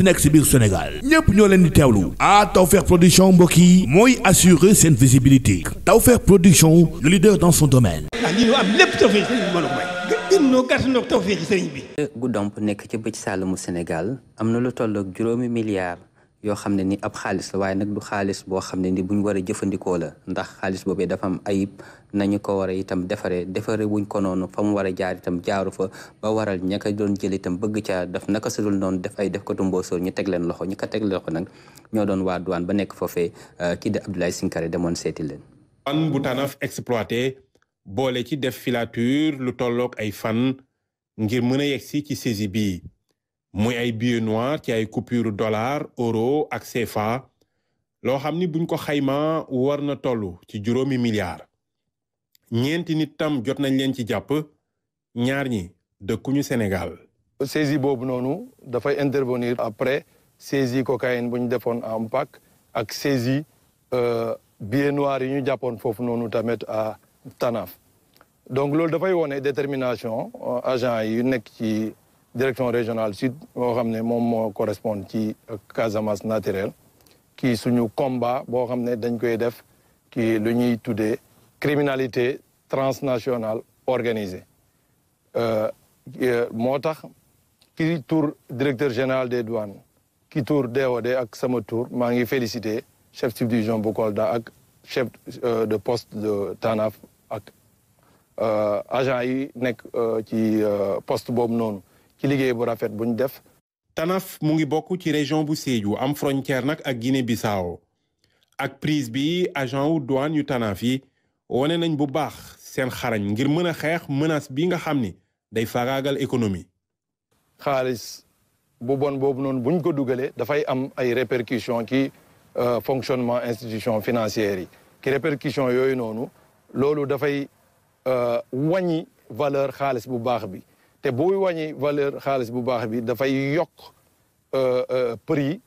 munti nekk si biir Sénégal ñépp ñoo leen di teewlu ah Tawfekh production mbokk yi mooy assurer seen visibilité Tawfekh production le leader dans son domaine. ah lii ñu am lépp Tawfekh sëriñ bi mën a may. gën ñoo gàtt ñoo Tawfekh sëriñ bi. Goudomp nekk ci bëj-saalumu Sénégal am na lu toll ak juróomi milliards. yoo xam ne ni ab xaalis la waaye nag du xaalis boo xam ne ni buñ war a jëfandikoo la ndax xaalis boobee dafa am ayib nañu ko war a itam defaree defare wuñ ko noonu fa mu war a jaar jaaru fa ba waral ña ko doon jël itam bëgg ca def naka sudul noon def ay def ko tu mbóosóor ñu teg leen loxo ñu ko teg loxo nag ñoo doon waa douane ba nekk foofee euh, kii di Abdoulaye Sinkare demoon seeti leen fan bu Tanaf exploité boole ci def filature lu tollook ay fan ngir mën a yegsi ci saisie bi muy ay billets noirs ci ay coupure dollar euro ak CFA loo xam ni buñ ko xayma war na toll ci juróomi milliards ñeenti nit tam jot nañ leen ci jàpp ñaar ñi dëkkuñu Sénégal. saisie boobu noonu dafay intervenir après saisie cocaïne bu ñu defoon à Mpac ak saisie euh, billets noirs yu ñu jàppoon foofu noonu tamit à Tanaf donc loolu dafay wone détermination euh, agent yi nekk direction régionale sud boo xam ne moom moo correspond ci Casamance naturelle kii suñu combat boo xam ne dañ koy def ki lu ñuy tuddee criminalité transnationale organisée euh, euh, moo tax ki tour directeur général des douanes ki tour DOD ak sama tour maa ngi félicité chef subdivision bu Kolda ak chef euh, de poste de Tanaf ak agent yi nekk ci poste boobu noonu ci liggéey bu rafet buñ def. Tanaf mu ngi bokk ci région bu Sédhiou am frontière nag ak Guinée-Bissau ak prise bi agent wu douane yu Tanaf yi wane nañ bu baax seen xarañ ngir mën a xeex menace bi nga xam ni day faagaagal économie. xaalis bu bon boobu noonu buñ ko dugalee dafay am ay répercussions ci euh, fonctionnement institution financière yi ki répercussions yooyu noonu loolu dafay euh, wàññi valeur xaalis bu baax bi. te buy wàññi valeur xaalis bu baax bi dafay yokk euh, euh, prix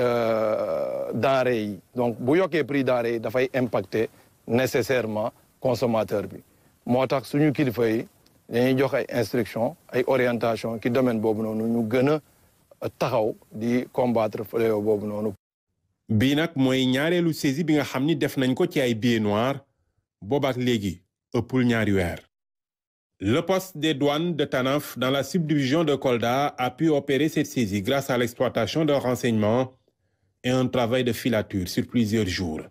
euh, denrée yi donc bu yokkee prix denrée yi dafay impacter nécessairement consommateur bi moo tax suñu kilifa yi dañuy jox ay instruction ay orientation ki domaine boobu noonu ñu gën a taxaw di combattre fléau boobu noonu bii nag mooy ñaareelu saisie bi nga xam ni def nañ ko ci ay billets noirs boobaak léegi ëppul ñaari weer Le poste des douanes de Tanaf dans la subdivision de Kolda a pu opérer cette saisie grâce à l'exploitation de renseignements et un travail de filature sur plusieurs jours.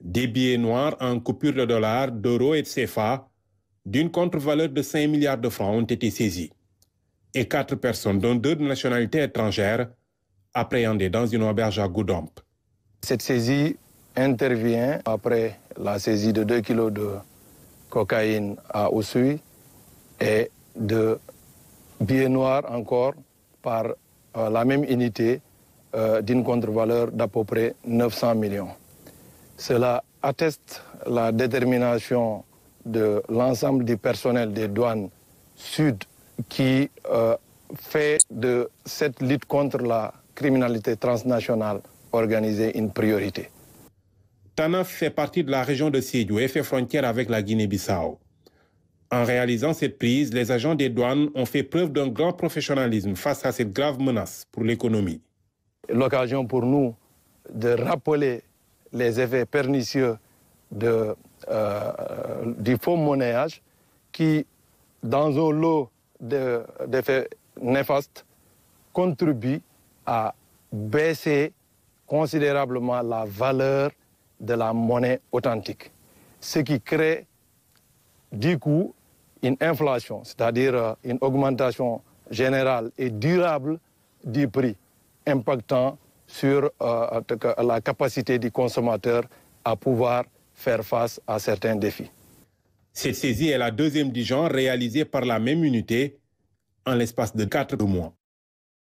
Des billets noirs en coupure de dollars, d'euros et de CFA d'une contre-valeur de 5 milliards de francs ont été saisis et quatre personnes, dont deux de nationalité étrangère, appréhendées dans une auberge à Goudomp. Cette saisie intervient après la saisie de 2 kilos de cocaïne à Oussouy et de billets noirs encore par euh, la même unité euh, d'une contre-valeur d'à peu près 900 millions. Cela atteste la détermination de l'ensemble du personnel des douanes sud qui euh, fait de cette lutte contre la criminalité transnationale organisée une priorité. Tanaf fait partie de la région de Sédiou et fait frontière avec la Guinée-Bissau. En réalisant cette prise, les agents des douanes ont fait preuve d'un grand professionnalisme face à cette grave menace pour l'économie. L'occasion pour nous de rappeler les effets pernicieux de, euh, du faux monnayage qui, dans un lot d'effets de néfastes, à baisser considérablement la valeur de la monnaie authentique, ce qui crée du coup une inflation, c'est-à-dire euh, une augmentation générale et durable du prix, impactant sur euh, euh, la capacité du consommateur à pouvoir faire face à certains défis. Cette saisie est la deuxième du genre réalisée par la même unité en l'espace de quatre mois.